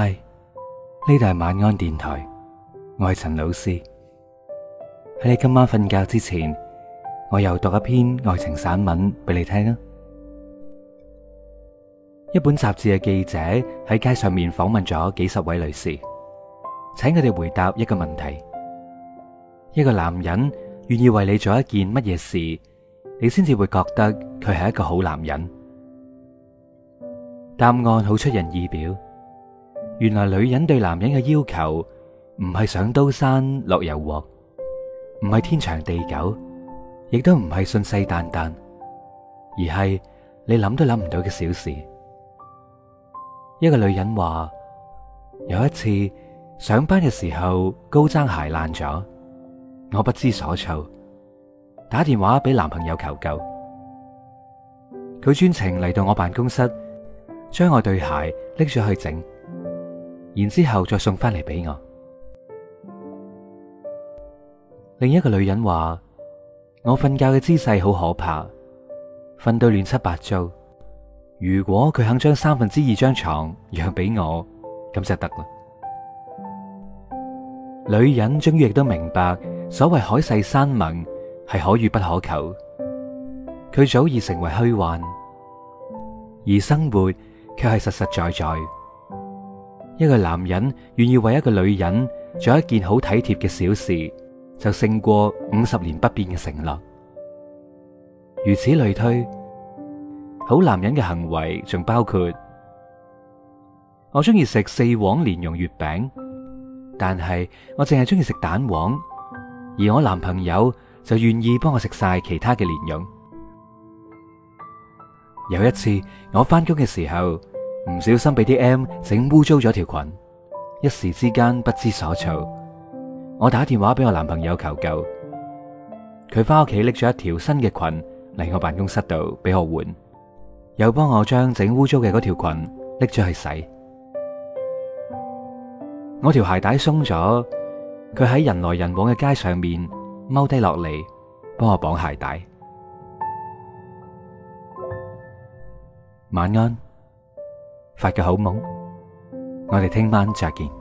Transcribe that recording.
嗨，呢度係晚安電台，我係陳老師。喺你今晚瞓覺之前，我又讀一篇愛情散文俾你聽啊！一本雜誌嘅記者喺街上面訪問咗幾十位女士，請佢哋回答一個問題：一個男人願意為你做一件乜嘢事，你先至會覺得佢係一個好男人？答案好出人意表。原來女人對男人嘅要求，唔係上刀山落油鑊，唔係天長地久，亦都唔係信誓旦旦，而係你諗都諗唔到嘅小事。一個女人話：有一次上班嘅時候高踭鞋爛咗，我不知所措，打電話俾男朋友求救，佢專程嚟到我辦公室，將我對鞋拎咗去整。然之後再送翻嚟俾我。另一個女人話：我瞓覺嘅姿勢好可怕，瞓到亂七八糟。如果佢肯將三分之二張床讓俾我，咁就得啦。女人終於亦都明白，所謂海誓山盟係可遇不可求，佢早已成為虛幻，而生活卻係實實在在。一個男人願意為一個女人做一件好體貼嘅小事，就勝過五十年不變嘅承諾。如此類推，好男人嘅行為仲包括：我中意食四黃蓮蓉月餅，但係我淨係中意食蛋黃，而我男朋友就願意幫我食晒其他嘅蓮蓉。有一次我返工嘅時候。唔小心俾啲 M 整污糟咗條裙，一時之間不知所措。我打電話俾我男朋友求救，佢返屋企拎咗一條新嘅裙嚟我辦公室度俾我換，又幫我將整污糟嘅嗰條裙拎咗去洗。我條鞋帶鬆咗，佢喺人來人往嘅街上面踎低落嚟幫我綁鞋帶。晚安。發個好夢，我哋聽晚再見。